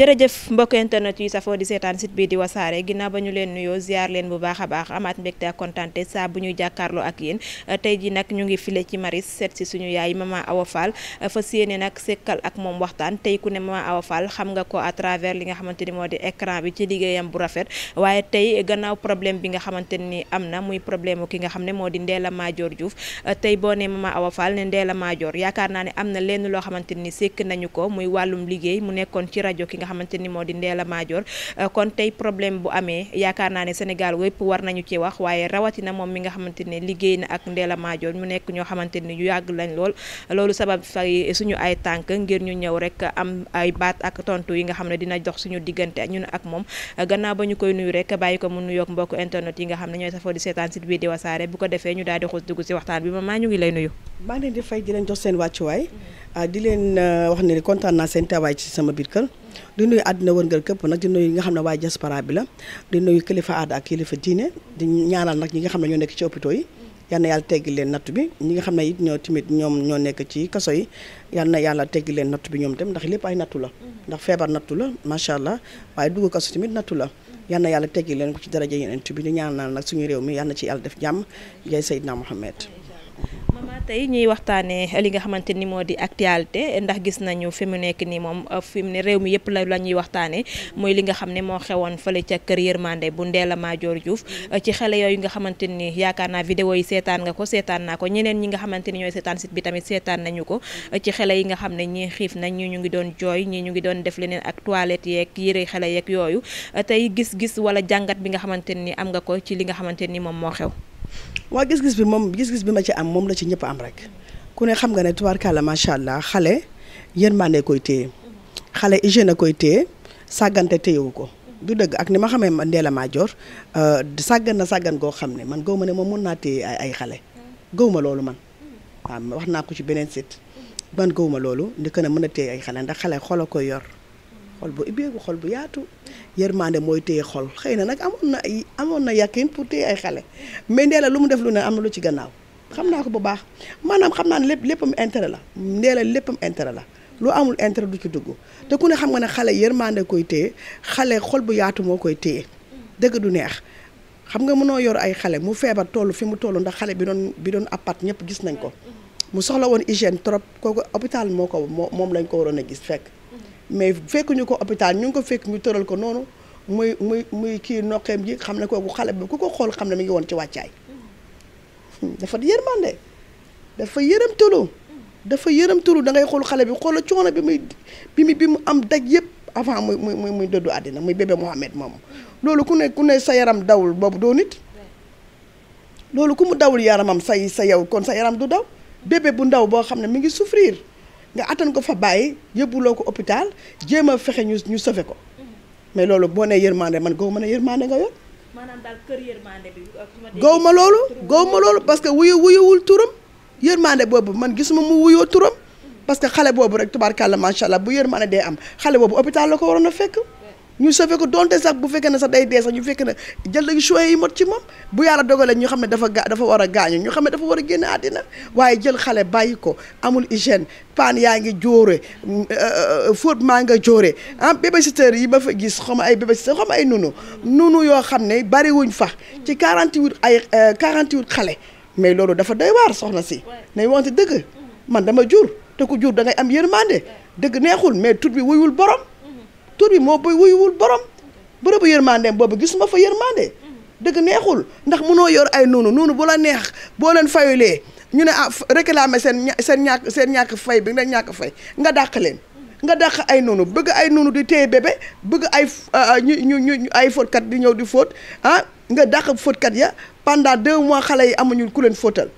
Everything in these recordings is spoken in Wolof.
jërëjëf mbokk internet yi safoo di seetaan site bii di wasaare ginnaaw ba ñu leen nuyoo ziar leen bu baax a baax amaat mbégte ak kontante saa bu ñuy jàkkaarloo ak yéen tey ji nag ñu ngi file ci maris seet si suñu yaay yi ma mama Awa Fall fas yéene nag sekkal ak moom waxtaan tey ku ne mama Awa Fall xam nga ko à travers li nga xamante ni moo di écran bi ci liggéeyam bu rafet waaye tey gannaaw problème bi nga xamante ni am na muy problème ki nga xam ne moo di Ndella Madior Diouf tey boo ne mama Awa Fall ne Ndella yaakaar naa ne am na lenn loo xamante ni sekk nañu ko muy wàllum liggéey mu nekkoon ci rajo ki nga xamante ni moo di Ndella Madior euh, kon tey problème bu amee yaakaar naa ne Sénégal wépp war nañu ci wax waaye rawatina moom mi nga xamante ne liggéey na ak ndeela Madior mu nekk ñoo xamante ni yu yàgg lañ lool loolu sabab fay suñu ay tànk ngir ñu ñëw rek am ay baat ak tontu yi nga xam ne dina dox suñu diggante ñun ak moom gannaaw ba ñu koy nuyu rek bàyyi ko mu nuyoog mbokk internet yi xam ne ñooy safoo di seetaan site bii ko defee ñu daal di xuus dugg si waxtaan bi maman ñu ngi lay nuyu maa ngi leen di fay di leen jox seen wàccuwaay ah, di leen euh, wax ne kontaan naa seen teewaay ci sama biir kër di nuyu àddina wërngal képp nag di nuyu ñi nga xam ne waa diaspora bi la di nuyu kilifa aada ak kilifa diine di ñaanal nag ñi nga xam ne ñoo nekk ci hôpitaux yi yal na yàlla teggi leen nattu bi ñi nga xam ne it ñoo timit ñoom ñoo nekk ci kaso yi yal na yàlla teggi leen nattu bi ñoom dem ndax lépp ay nattu la ndax feebar nattu la macha allah waaye dugg kaso tamit nattu la yal na yàlla teggi leen ko ci daraja yeneen bi di ñaanal nag suñu réew mi yal na ci yàlla def jàmm jay Seydina Mohamed mama tey ñuy waxtaanee li nga xamante ni moo di actualité ndax gis nañu fi mu nekk nii moom uh, fi mu ne réew mi yëpp la la ñuy waxtaanee mooy li nga xam ne moo xewoon fële ca kër yërmande bu Ndella Madior Diouf uh, ci xele yooyu nga xamante ni yaakaar naa vidéo yi seetaan nga ko seetaan naa ko ñeneen ñi nga xamante ni ñooy seetaan site bi tamit seetaan nañu ko uh, ci xele yi nga xam ne ñii xiif nañ ñi ñu ngi doon jooy ñi ñu ngi doon def leneen ak toilette yeeg yëre xale yeeg yooyu tey gis-gis wala jàngat bi nga xamante ni am nga ko ci li nga xamante ni moom moo xew waa gis-gis bi moom gis-gis bi ma ci am moom la ci ñëpp am rek ku ne xam nga ne tubaarkàlla macha allah xale yërmande koy téye xale hygiène koy téye sàggante téyewu ko. du dëgg ak ni ma xamee Ndella Madior euh, sàggan na sàggan goo xam ne man gaw ma ne moom mun naa téye ay xale gaw ma loolu man waaw wax naa ko ci beneen site man gaw ma loolu ndi ko ne mën a téye ay xale ndax xale a ko yor. xol bu ubbeeku xol bu yaatu yërmande mooy téye xol xëy na nag amoon na ay amoon na yàqin pour téye ay xale mais Ndéla lu mu def lu ne am na lu ci gannaaw xam naa ko bu baax maanaam xam naa ne lépp léppam intere la Ndéla léppam intere la lu amul intérêt du ci dugg te ku ne xam nga ne xale yërmande koy téye xale xol bu yaatu moo koy téye dëgg du neex. xam nga mënoo yor ay xale mu feebar toll fi mu toll ndax xale bi doon bi doon apat ñëpp gis nañ ko mu soxla woon trop kooku hôpital moo ko moom lañ ko waroon a gis fekk mais fekk ñu ko hôpital ñu ngi ko fekk ñu tëral ko noonu muy muy muy kii noqeem yi xam ne kooku xale bi ku ko xool xam ne mu ngi woon ci wàccaay hmm, dafa yërmande dafa yërëm tulu dafa yërëm tulu da ngay xool xale bi xoola coono bi muy bi mu bi mu am daj yëpp avant muy muy muy muy dëddu àddina muy bébé Mohamed moom loolu ku ne ku ne sa yaram dawul boobu doo nit loolu ku mu dawul yaramam say sa yow kon sa yaram du daw bébé bu ndaw boo xam ne mi ngi souffrir nga attan ko fa bàyyi yóbbuloo ko hôpital jéem a fexe ñu ñu sauver ko mhm. mais loolu boo nee yërmande man gaw ma ne yërmande nga yor. maanaam daal kër yërmande ma loolu gaw ma loolu parce que wuyu wuyuwul turam yërmande boobu man gisuma mu wuyoo turam mhm. parce que xale boobu rek tubaarkàlla macha allah bu yërmande dee am xale boobu hôpital la ko waroon a fekk. ñu sauvé ko donte sax bu fekkee ne sax day dee sax ñu fekkee ne jël nañu choix yi mot ci moom bu yàlla dogalee ñu xam ne dafa ga dafa war a gaañu ñu xam ne dafa a génn àddina waaye jël xale bàyyi ko amul hygiène paan yaa ngi jóore mm, euh, euh, euh, fóot maa nga jóore ah yi ba fa gis xam ay babysitter xam ay nunu nunu yoo xam ne bariwuñ fa ci 48 ay 48 xale mais loolu dafa doy waar soxna si nay wante dëgg man dama jur te ku jur da ngay am yërmande dëgg neexul mais tut bi wuyul borom tur bi moo buy wuyuwul borom bërëbu yërmandeem boobu gisuma fa yërmande dëgg neexul ndax munoo yor ay noonu noonu bu la neex boo leen fayulee ñu ne ah réclamer seen seen seen ñàkk fay bi nga ñàkk fay nga dàq leen nga dàq ay noonu bëgg ay noonu di téye bébé bëgg ay ah, ah, ñu ñu ñu ay fóotkat di ñëw di fóot ah nga daq fóotkat ya pendant deux mois xale yi amuñu ku leen fóotal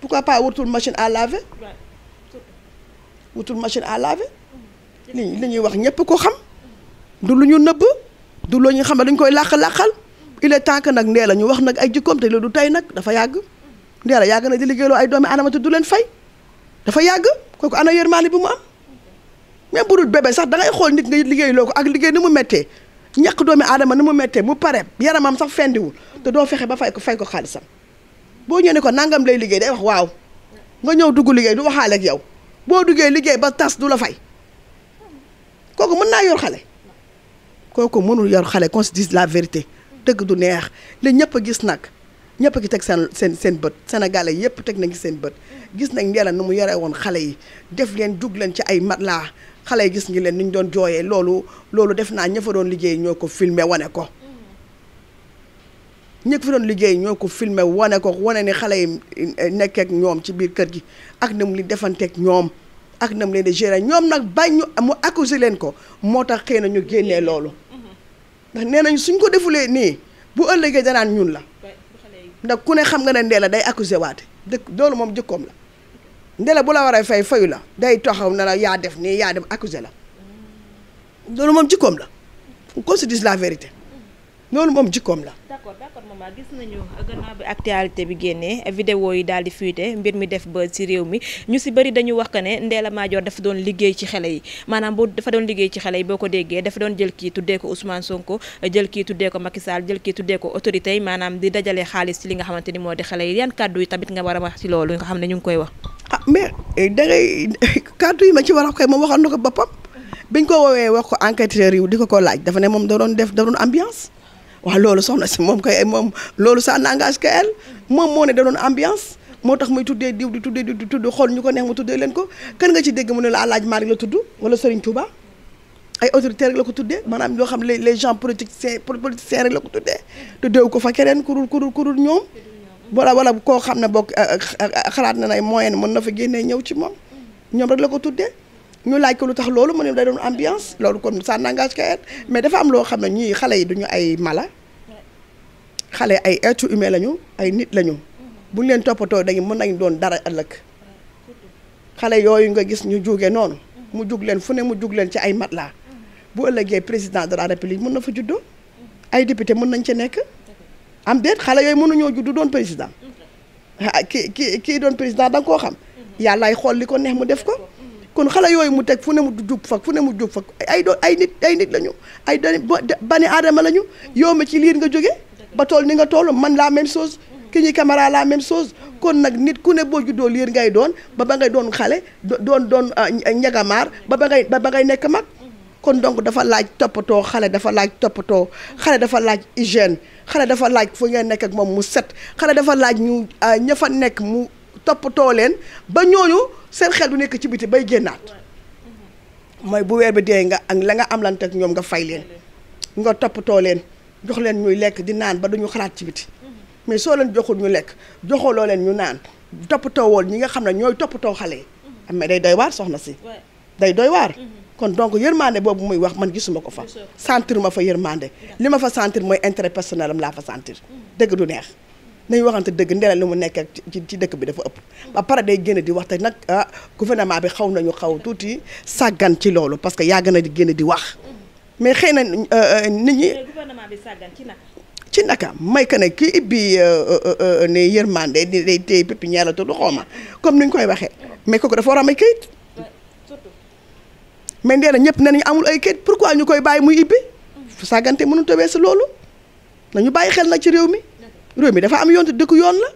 pourquoi pas wutul machine à laver wutul machine à laver li li ñuy wax ñëpp ko xam du lu ñu nëbb du loo ñu xam ne dañ koy làq-làqal il tànk nag ndee la ñu wax nag ay jikkoom te loolu du tey nag dafa yàgg ndee yàgg na di liggéeyloo ay doomi aadama te du leen fay dafa yàgg kooku ana yërmaande bi mu am même bu dul sax da ngay xool nit nga liggéeyloo ko ak liggéey ni mu méttee ñàkk doomi aadama ni mu méttee mu pare yaramam sax fendiwul te doo fexe ba fay ko fay ko xaalisam boo ñëwee ko nangam lay liggéey day wax waaw nga ñëw dugg liggéey du waxaale yow boo duggee liggéey ba tas du la fay kooku mën naa yor xale kooku mënul yor xale qu'on la vérité dëgg du neex li ñëpp a gis nag ñëpp a gi teg seen seen seen bët sénégalais yëpp teg nañu seen bët gis nañ Ndella ni mu yore woon xale yi def leen jug leen ci ay laa xale yi gis ngi leen ni ñu doon jooyee loolu loolu def naa ña doon liggéey ñoo ko filme wane ko ñi fi doon liggéey ñoo ko filmer wane ko wane ni xale yi eh, nekkeek ñoom ci biir kër gi ak ni mu li defanteeg ñoom ak nam leen di gérer ñoom nag bañ ñu mu accuser leen ko moo tax xëy na ñu génnee loolu ndax nee nañ suñ ko defulee nii bu ëllëgee danaan ñun la ndax ku ne xam nga ne la day accuser waate dëkk loolu moom jëkkoom la Ndella bu la war a fay fayu la day taxaw na la yaa def nii yaa def accuser la loolu moom jikkoom la qu'on la vérité loolu moom jikkoom la d'accord d'accord maman gis nañu gannaaw bi actualité bi génnee vidéo yi daal di fuité mbir mi def ba ci réew mi ñu si bari dañu wax ko ne Ndella Madior dafa doon liggéey ci xele yi maanaam bu dafa doon liggéey ci xale yi boo ko déggee dafa doon jël kii tuddee ko Ousmane Sonko jël kii tuddee ko Macky Sall jël kii tuddee ko autorité maanaam di dajale xaalis ci li nga xamante ni moo di xale yi yan kaddu yi tamit nga war a wax ci loolu nga xam ne ñu ngi koy wax ah mais eh, da ngay yi ma ci war a koy moom waxoon na ko boppam biñ ko woowee wax ko enquêteur yi di ko ko laaj dafa ne moom da doon def da doon waaw loolu soxna si moom kay moom loolu ça n'engage que elle moom moo ne da doon ambiance moo tax muy tuddee diw di tuddee diw di tudd xool ñu ko neex mu tuddee leen ko kan nga ci dégg mu ne la Alaaji Maalik la tudd wala Serigne Touba ay autorité rek la ko tuddee maanaam loo xam les gens politiciens politiciens rek la ko tuddee tuddeewu ko fa keneen kurul kurul kurul ñoom wala wala koo xam ne bokk xalaat na nay moyen mën na fa génnee ñëw ci moom ñoom rek la ko tuddee ñu laaj ko lu tax loolu mu ne day doon ambiance loolu kon ça n'engage qu'elle mais dafa am loo xam ne ñii xale yi duñu ay mala xale ay êtres humains lañu ay nit lañu bu ñu leen toppatoo dañu mën nañ doon dara ëllëg xale yooyu nga gis ñu juuge noonu mu jug leen fu ne mu jug leen ci ay mat laa bu ëllëgee président de la république mën na fa juddu ay député mën nañ ci nekk am déet xale yooyu mënuñoo juddu doon président ki ki kii doon président da nga koo xam yàllaay xool li ko neex mu def ko kon xale yooyu mu teg fu ne mu jub fag fu ne mu jub fag ay doo ay nit ay nit la ñu ay bani aadama la ñu yow ma ci liir nga jóge ba tool ni nga toll man la même soos ki ñuy caméra laa même chose kon nag nit ku ne boo juddoo liir ngay doon ba ba ngay doon xale doon doon ah, ñagamaar ah, ba ba ngay ba ba ngay nekk mag kon donc dafa laaj toppatoo xale dafa laaj toppatoo xale dafa laaj hygiène xale dafa laaj fu ngeen nekk ak moom mu set xale dafa laaj ñu ah, ña fa nekk mu too leen ba ñooñu seen xel du nekk ci biti bay génnaat mooy bu weer bi dee nga ak la nga am lante ñoom nga fay leen nga topp too leen jox leen ñuy lekk di naan ba duñu xalaat ci biti mais soo leen joxul ñu lekk joxaloo leen ñu naan topp too woon ñi nga xam ne ñooy toppatoo xale yi na mm-hmm. day doy waar soxna si day doy waar mm-hmm. kon donc yërmande boobu muy wax man gisuma ko fa sentir ma fa yërmande li ma fa sentir mooy intérêt personnel am laa fa sentir mm-hmm. dëgg du neex nañ waxante dëgg ndelal li mu nekk ak ci dëkk bi dafa ëpp ba pare day génn di wax te nag ah gouvernement bi xaw nañu xaw tuuti sàggan ci loolu parce que yàgg na di génn di wax mm-hmm. mais xëy na euh, euh, nit ñi gouvernement bi sàggan ci nag ci naka may que ne kii ibbi euh, ne yërmande di day téye pépinière la tudd ma comme ni ñu koy waxee mais ko dafa war a am ay kayit mais nee na ñëpp nañu amul ay kayit pourquoi ñu koy bàyyi muy ibbi mm-hmm. sàggante mënu tawee si loolu nañu bàyyi xel nag ci réew mi réew mi dafa am yoon te dëkk yoon la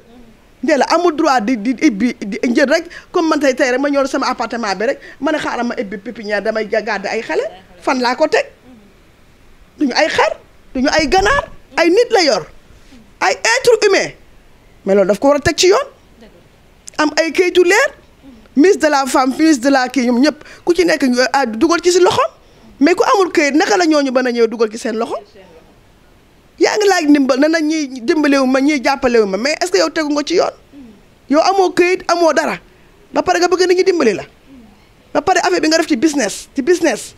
ndee la amul droit di di ibbi di njël rek comme man tey tey rek ma ñëw sama appartement bi rek ma ne xaaral ma ibbi pépinière damay gàdd ay xale fan laa ko teg duñu ay xar duñu ay ganaar ay nit la yor ay être humain mais loolu daf ko war a teg ci yoon am ay kayitu leer ministre de la femme ministre de la kii ñoom ñëpp ku ci nekk ah, dugal ci si loxo mais ku amul kayit naka la ñooñu bana ñëw dugal ci seen loxo yaa ngi laaj ndimbal na na ñiy dimbalewu ma ñiy jàppalewu ma mais est que yow tegu nga ci yoon yow amoo këyit amoo dara ba pare nga bëgg nit ñi dimbali la ba pare affaire bi nga def ci business ci business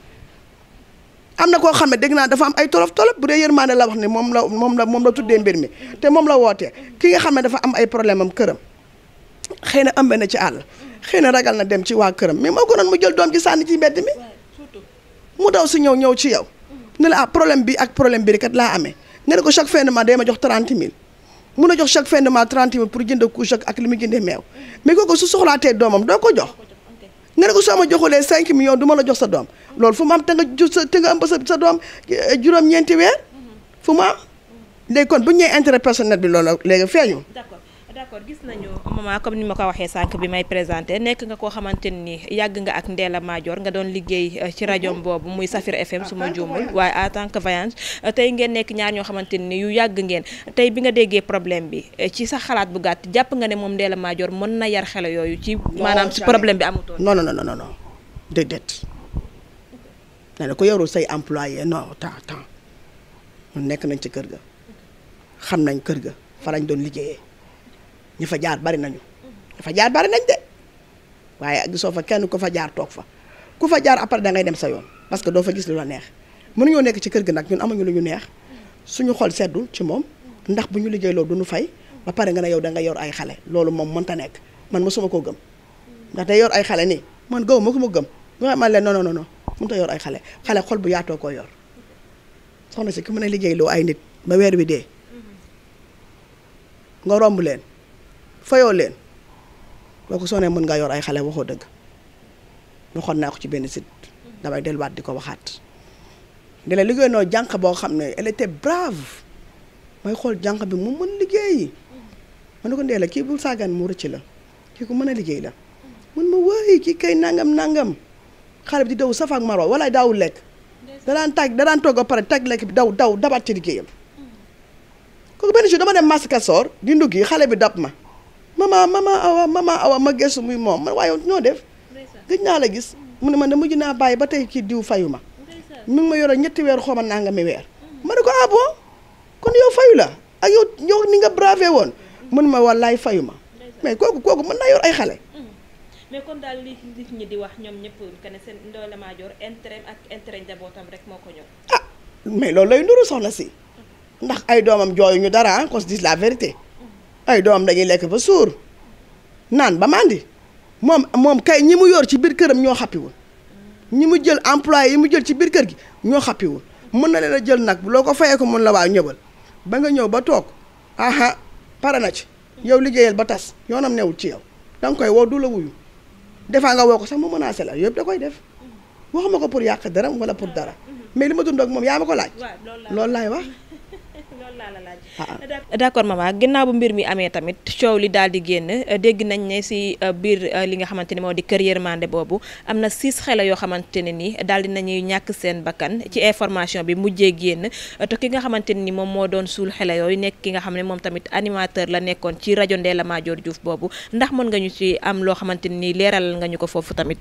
am na koo xam ne dégg naa dafa am ay tolof tolof bu dee yërmande la wax ne moom la moom la moom la tuddee mbir mi te moom la wootee ki nga xam ne dafa am ay problème am këram xëy na ëmb na ci àll xëy na ragal na dem ci waa këram mais moo gënoon mu jël doom ci sànni ci mbedd mi mu daw si ñëw ñëw ci yow ne ah problème bi ak problème bi laa amee ne ko chaque fin de mois day ma jox 30 000 mun a jox chaque fin de mois 30 pour jënd couche ak li mu jëndee meew mais kooku su soxlaatee doomam doo ko jox nga ne ko soo ma joxulee 5 millions du ma la jox sa doom loolu fu mu am te nga ju te nga ëmb sa sa doom eh, juróom-ñeenti weer fu mu am léegi kon bu ñu ñëwee intérêt personnel bi loolu léegi feeñu. d'accord gis nañu maman comme ni ma ko waxee sànq bi may présenté nekk nga koo xamante ni yàgg nga ak Ndella majoor nga doon liggéey euh, ci rajo mhm. boobu muy Safir FM su ma juumul waaye en tant que voyante euh, tey ngeen nekk ñaar ñoo xamante ni yu yàgg ngeen tey bi nga déggee problème bi euh, ci sa xalaat bu gàtt jàpp nga ne moom Ndella Madior mën na yar xale yooyu ci maanaam si problème bi amutoon non non non non déedéet ne na ko yorul say employé non temps temps ñun nekk nañ ci kër ga xam nañ kër ga fa lañ doon liggéeyee ñu fa jaar bari nañu ñi fa jaar bari nañ de waaye gisoo fa kenn ku fa jaar toog fa ku fa jaar après dangay dem sa yoon parce que doo fa gis lu la neex mënuñoo nekk ci kër gi nag ñun amuñu lu ñu neex suñu xol seddu ci moom ndax bu ñu liggéey loolu du ñu fay ba pare nga ne yow da nga yor ay xale loolu moom mënta nekk man mosuma koo gëm ndax day yor ay xale nii man gaw ma ko ma gëm ma man leen non non non mënta yor ay xale xale xol bu yaatoo koo yor soxna si ku mën a liggéey ay nit ba weer wi dee romb leen fayoo leen boo ko sonee mën nga yor ay xale waxoo dëgg waxoon naa ko ci benn sit damay delluwaat di ko waxaat di la liggéey noo jànq boo xam ne elle était may xool jànq bi mu mën liggéeyi ma ne ko ndee la kii bul saagaan mu rëcc la kii ko mën a liggéey la mun ma wëy kii kay nangam nangam xale bi di daw safaak maro wala daawul lekk danaan tàgg danaan togg ba pare tag lekk bi daw daw dabaat ci liggéeyam kooku benn jour dama dem Massi Kassor di xale bi dab ma maman maman awa maman awa ma gëstu muy moom man waaye ñoo def gëj naa la gis mu ne man de mujj naa bàyyi ba tey kii diw fayu ma mi ngi ma yore ñetti weer xooma naa nga mi weer ma ne ko ah kon yow fayu la ak yow yow ni nga bravé woon mun ma wallaay fayu ma mais kooku kooku mën naa yor ay xale mm. mais daal li nit ñi di wax ñoom ñëpp que ne seen Ndella ak intérêt njabootam rek moo ko ñor ah, mais loolu lay nduru soxna si mm. ndax ay doomam jooyu ñu dara ah, qu'on di la vérité ay doom dañuy lekk ba suur naan ba màndi moom moom kay ñi mu yor ci biir këram ñoo xàppiwul ñi mu jël employé yi mu jël ci biir kër gi ñoo xàppiwul mun na leen a jël nag loo ko fayee ko mun la waa ñëwal ba nga ñëw ba toog aha pare na ci yow liggéeyal ba tas yoonam newul ci yow danga koy woo du la wuyu defaa nga woo ko sax mu menacé la yëpp da koy def waxuma ko pour yàq dara wala pour dara mais li ma dund ak moom yaa ma ko laaj loolu laay wax Ah, ah. d'accord maman ginnaaw bu mbir mi amee tamit coow li daal di génn eh, dégg nañ ne si eh, biir eh, li nga xamante ni moo di kër yërmande boobu am na six xale yoo xamante ne ni daal di nañuy ñàkk seen bakkan ci information bi mujjee génn te ki nga xamante ne ni moom moo doon suul xale yooyu nekk ki nga xam ne moom tamit animateur la nekkoon ci rajo Ndella Madior Diouf boobu ndax mën nga ñu ci am loo xamante ni leeralal nga ñu ko foofu tamit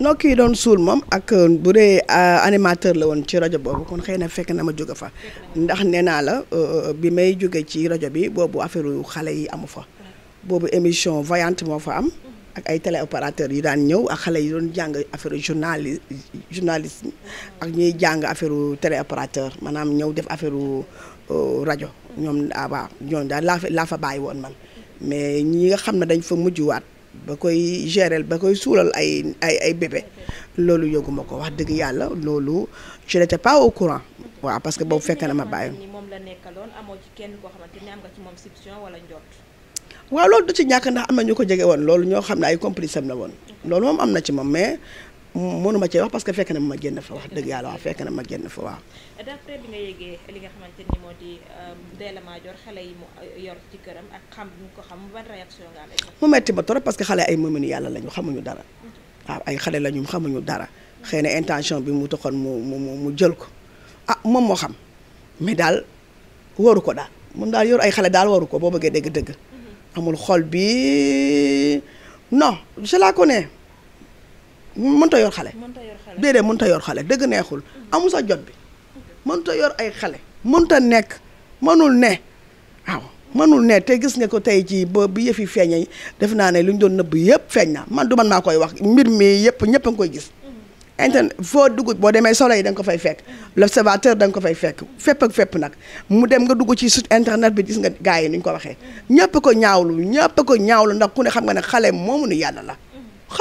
noo kii doon suul moom ak euh, bu dee euh, animateur la woon ci rajo boobu kon xëy na fekk na ma jóge fa ndax nee naa la euh, bi may jógee ci rajo bi boobu affaire xale yi amu fa boobu émission voyante moo fa am ak ay téléopérateurs yi daan ñëw ak xale yi doon jàng affaire journali journalisme ak ñuy jàng affaire téléopérateur maanaam ñëw def affaire rajo ñoom ah waaw ñoom daal laa fa laa fa bàyyi woon man mais ñi nga xam ne dañ fa mujj waat ba koy gérer ba koy suulal ay ay ay bébé loolu yëguma ko wax dëgg yàlla loolu je n'étais pas au courant waaw parce que boobu fekk na ma bàyyi. moom la nekkaloon amoo ci kenn waaw loolu du ci ñàkk ndax am na ñu ko jege woon loolu ñoo xam ne ay complice am la woon. loolu moom am na ci moom mais mënu ma cee parce que fekk na ma génn fa wax dëgg yàlla waaw moo di euh, Ndella xale yi mu euh, yor ko xam ban réaction nga metti ma trop parce que xale ay mëminu yàlla lañu xamuñu dara. Mm-hmm. waaw ay xale lañu xamuñu dara. Mm-hmm. xëy na intention bi mu taxoon mu mu mu jël ko ah moom moo xam mais daal waru ko daal moom daal yor ay xale daal waru ko boo bëggee dégg-dëgg. Mm-hmm. amul xol bi non je la connais. mënta yor xale. mënta yor xale déedéet mënta yor xale dëgg neexul. amu sa jot bi mënta yor ay xale. ta nekk mënul ne waaw mënul ne te gis nga ko tey jii ba bi yëf yi feeñee def naa ne lu ñu doon nëbb yëpp feeñ naa man du man maa koy wax mbir mi yëpp ñëpp a koy gis. Mm-hmm. internet foo dugg boo demee soleil da nga ko fay fekk l'observateur da nga ko fay fekk fépp ak fépp nag mu dem nga dugg ci site internet bi gis nga gars yi ni ñu ko waxee mm-hmm. ñëpp ko ñaawlu ñëpp ko ñaawlu ndax ku ne xam nga ne xale moomu nu yàlla la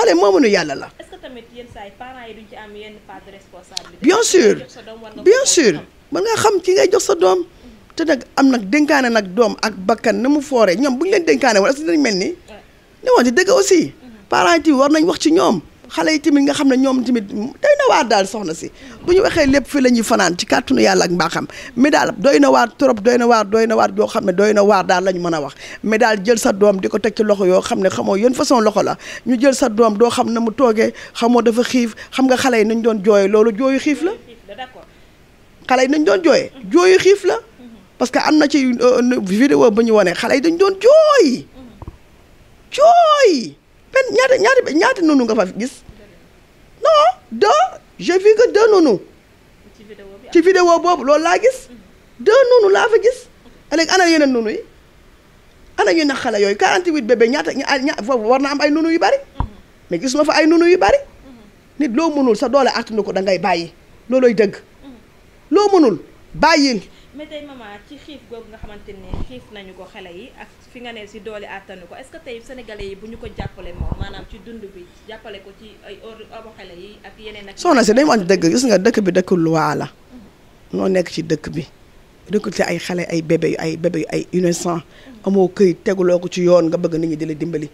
mm-hmm. la tamit yenn saa yi yi duñ ci am yenn part de responsabilité. bien sûr bien sûr mën nga xam ki ngay jox sa doom. te nag am nag dénkaane nag doom ak bakkan na mu fooree ñoom bu ñu leen dénkaane wala si dinañ mel ni. ne woon dëgg aussi. Mm-hmm. parents yi war nañ wax ci ñoom. xale yi tamit nga xam ne ñoom tamit doy na waar daal soxna si bu ñu waxee lépp fii la ñuy fanaan ci kàttanu yàlla ak mbaaxam mais daal doy na waar trop doy na waar doy na waar yoo xam ne doy na waar daal lañ mën a wax mais daal jël sa doom di ko teg ci loxo yoo xam ne xamoo yéen façon loxo la ñu jël sa doom doo xam na mu toogee xamoo dafa xiif xam nga xale yi nañ doon jooyee loolu jooyu xiif la xale yi nañ doon jooyee jooyu xiif la parce que am na ci euh, vidéo ba ñu wanee xale yi dañu doon jooy jooy benn ñaata ñaata ñaata noonu nga fa gis non deux j'ai vu que deux noonu ci vidéo boobu loolu laa gis deux noonu laa fa gis léegi ana yeneen noonu yi ana ñu nax xale yooyu 48 bébé ñaata ña foofu war na am ay noonu yu bari mais gisuma fa ay noonu yu bari nit loo mënul sa doole attanu ko dangay bàyyi loolooy dëgg loo mënul bàyyil. ci xiif googu nga xamante ne xiif nañu ko xale yi fi nga ne si doole àttanu ko est que tey sénégalais bu ñu ko jàppale ci dund bi si dañu am dëgg gis nga dëkk bi dëkk loi la mhm. noo nekk ci dëkk bi recruter ay xale ay bébé yu ay bébé yu ay innocent amoo këyit teguloo ko ci yoon nga bëgg nit ñi di la dimbali.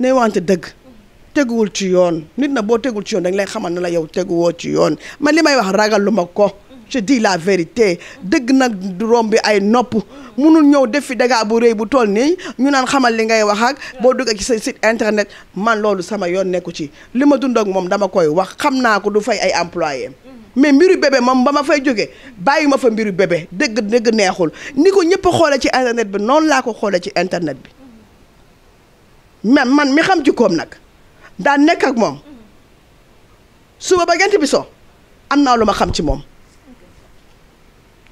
ne wante dëgg mhm. teguwul ci yoon nit na boo tegul ci yoon dañ lay xamal na la yow teguwoo ci yoon ma li may wax ragaluma ko. je di la vérité dëgg nag du romb ay nopp mënul ñëw def fi dégâts bu rëy bu toll nii ñu naan xamal li ngay wax ak boo duggee ci sa site internet man loolu sama yoon nekku ci li ma dund ak moom dama koy wax xam naa ko du fay ay employé mais mbiru bébé moom ba ma fay jógee bàyyi ma fa mbiru bébé dëgg dëgg neexul ni ko ñëpp xoolee ci internet bi noonu laa ko xoole ci internet bi man man mi xam jikkoom nag daan nekk ak moom suba ba gent bi soo am naa lu ma xam ci moom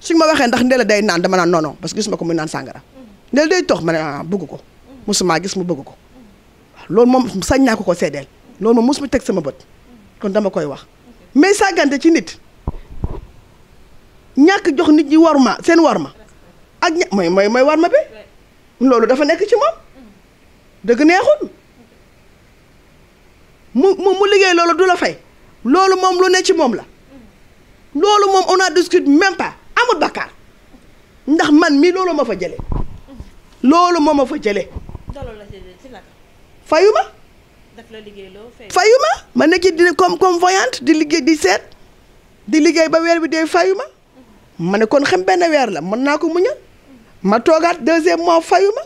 suñ ma waxee ndax Ndella day naan dama naan non non parce que gisuma ko muy naan sàngara Ndella day tox ma ne ah bëgg ko mosuma gis mu bëgg ko loolu moom sañ naa ko ko loolu moom mosuma teg sama bët kon dama koy wax mais sàggante ci nit ñàkk jox nit ñi warma seen warma ak ña mooy mooy mooy warma bi dafa nekk ci moom dëgg neexul mu liggéey loolu du la fay loolu moom lu ne ci moom la loolu moom on a discute même pas. xamu Dakar ndax man mi loolu ma fa jële loolu moo ma fa jële fayu ma fayu ma ma nekk di comme convoyante di liggéey di seet di liggéey ba weer bi dee fayu ma ma ne kon xam benn weer la mën naa ko muñal ma toogaat deuxième mois fayu ma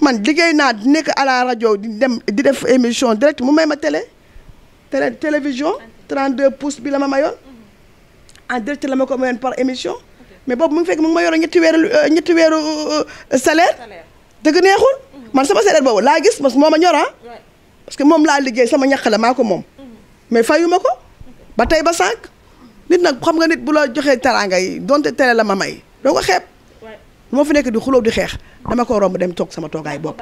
man liggéey naa di nekk à la rajo di dem di def émission direct mu may ma télé télé télévision 32 pouces bi la ma mayoon en direct la ma ko mayoon par émission mais boobu mu ngi fekk mu ngi ma yoro ñetti weeru euh, ñetti weeru euh, salaire dëgg neexul man sama salaire boobu laa gis parce que moo ma ñora ah. parce que moom laa liggéey sama ñaq la maa ko moom mhm. mais fayuma ko ba tey ba sànq nit nag xam nga nit bu la joxee teraanga yi donte tele la ma may doo ko xeeb lu ma fi nekk di xuloo di xeex dama ko romb dem toog sama toogaay bopp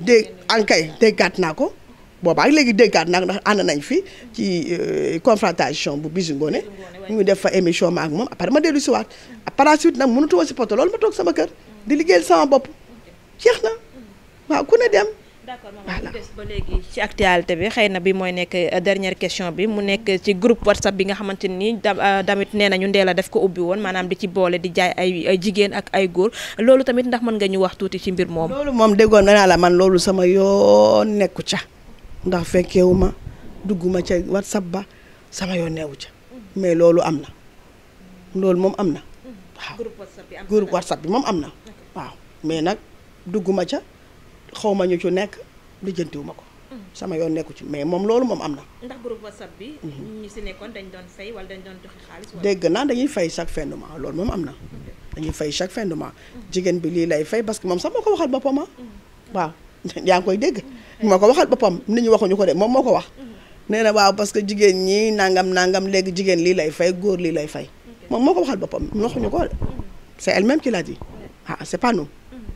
dégg ankay déggaat naa ko boobaak léegi déggaat nag ndax ànd nañ fi ci euh, confrontation bu bisu ngoone ñu def fa émission ma ak moom après ma dellu si waat par la suite nag mënatu woon si poto loolu ma toog sama kër di liggéeyal sama bopp jeex na waaw ku ne dem ci actualité bi xëy na bi mooy nekk euh, dernière question bi mu nekk ci groupe whatsapp bi nga xamante nii ni tamit euh, nee nañu Ndella def ko ubbi woon maanaam di ci boole di jaay ay jigéen ak ay góor loolu tamit ndax mën nga ñu wax tuuti ci mbir moom loolu moom déggoon naa la man loolu sama yoon nekku ca ndax fekkewu ma dugguma ca whatsapp ba sama yoon neewu ca mais loolu am na loolu moom am na waaw groupe whatsapp bi moom am na waaw mais nag dugguma ca xaw ma ñu ci nekk lijjantiwuma ko sama yoon nekku ci mais moom loolu moom am na. ndax bi. Mhm. ñi si dégg naa dañuy fay chaque fin loolu moom am na. dañuy fay chaque fin mhm. jigéen bi lii lay fay parce que moom sax moo ko waxal boppam ah. mhm. waaw. yaa ngi koy dégg. moo ko waxal boppam nit ñi waxuñu ko de moom moo ko wax. nee na waaw parce que jigéen ñi nangam nangam léegi jigéen lii lay fay góor lii lay fay. moom moo ko waxal boppam waxuñu ko de. c'est même qui l'a dit ah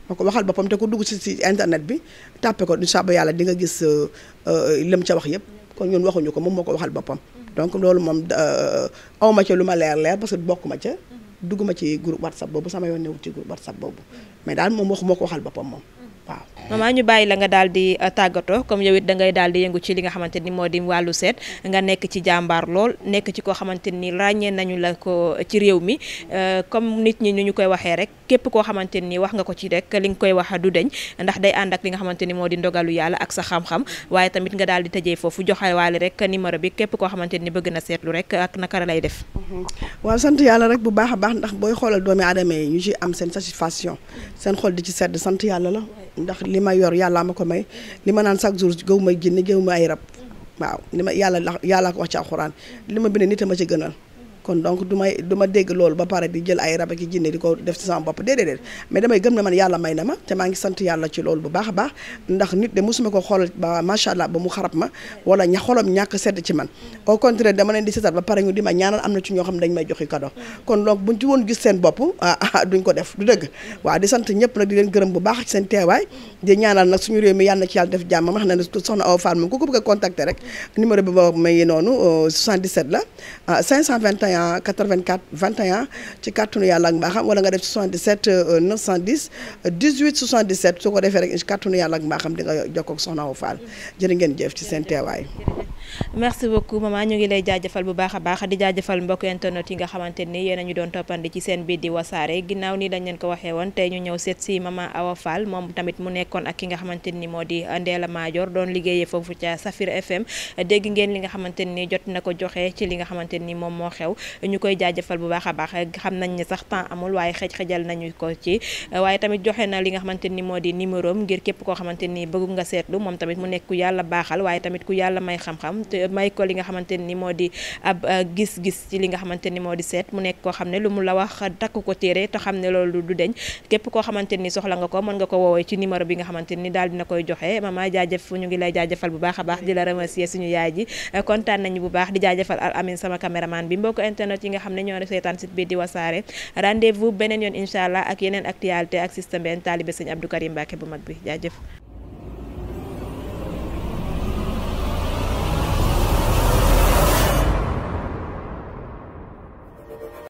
moo ko waxal boppam te ku dugg ci ci internet bi tàppe ko incha allah yàlla di nga gis euh, euh, lim ca wax yëpp kon ñun waxuñu ko moom moo ko waxal boppam. donc loolu moom euh, aw ma ca lu ma leer leer parce que bokk ma ca. dugg ma ci groupe WhatsApp boobu sama yoon newul ci groupe WhatsApp boobu mais daal moom wax ko waxal boppam moom. waaw maman ñu bàyyi la nga daal di uh, tàggatoo comme yow it da ngay daal di yëngu ci li nga xamante ni moo di wàllu seet nga nekk ci jàmbaar lool nekk ci koo xamante ni ràññee nañu la ko ci réew mi uh, comme nit ñi ni ñu koy waxee rek képp koo xamante ni wax nga ko ci rek li nga koy wax a du deñ ndax day ànd ak li nga xamante ni moo di ndogalu yàlla ak sa xam-xam waaye tamit nga daal di tëjee foofu joxe waale rek numéro bi képp koo xamante ni bëgg na seetlu rek ak naka lay def. Mm-hmm. waaw bu baax baax ndax booy xoolal doomi aadama yi ñu ci am seen seen xol di ci sedd sant yàlla la ndax li ma yor yàlla ma ko may li ma naan chaque jour gëw may jinne gëw ma ay rab waaw li ma yàlla la yàllaa ko wax ca alxuraan li ma bind nit a ma ci gënal kon donc du may ma dégg loolu ba pare di jël ay rab ak i jinne di ko def ci sama bopp déedéet mais damay gëm ne man yàlla may na ma te maa ngi sant yàlla ci loolu bu baax a baax ndax nit de mosuma ko xoolal ba macha allah ba mu xarab ma wala ña xolam ñàkk sedd ci man au contraire dama leen di seetal ba pare ñu di ma ñaanal am na ci ñoo xam ne dañ may joxi kado kon donc buñ ci woon gis seen bopp ah, ah, duñ ko def du dëgg waaw di sant ñëpp nag di leen gërëm bu baax ci seen teewaay di ñaanal nag suñu na ci yàlla def jàmm ma xam ko bëgg a contacter rek numéro bi boobu 21 84 21 ci kàttanu yàlla ak mbaaxam wala nga def 77 910 18 77 su ko defee rek ci kàttanu yàlla ak mbaaxam di nga jokkoo ak Soxna Awa Fall jërë ngeen jëf ci seen teewaay. merci beaucoup maman ñu ngi lay jaajëfal bu baax a baax di jaajëfal mbokk internet yi nga xamante ni yéen a ñu doon toppandi ci seen biir di wasaare ginnaaw ni dañ leen ko waxee woon tey ñu ñëw seet si maman Awa Fall moom tamit mu nekkoon ak ki nga xamante ni moo di Ndella Madior doon liggéeyee foofu ca Safir FM dégg ngeen li nga xamante ni jot na ko joxe ci li nga xamante ni moom moo xew ñu koy jaajëfal bu baax a baax xam nañ ne sax temps amul waaye xëj-xëjal nañu ko ci waaye tamit joxe na li nga xamante ni moo di numéro am ngir képp koo xamante ni bëgg nga seetlu moom tamit mu nekk ku yàlla baaxal waaye tamit ku yàlla may xam-xam te may ko li nga xamante ni moo di ab euh, gis-gis ci li nga xamante ni moo di seet mu nekk koo xam ne lu mu la wax takk ko téere te xam ne loolu du deñ képp koo xamante ni soxla nga ko mën nga ko woowee ci numéro bi nga xamante ni daal dina koy joxe mama jaajëf ñu ngi lay jaajëfal bu baax a baax di la remercier suñu yaay ji kontaan nañu bu baax di jaajëfal al amin internet yi nga xam ne ñoo def seetaan site bi di wasaare rendez-vous beneen yoon incha ak yeneen actualité ak système benn taalibe sëñ Abdou Karim Mbacke bu mag bi jaajëf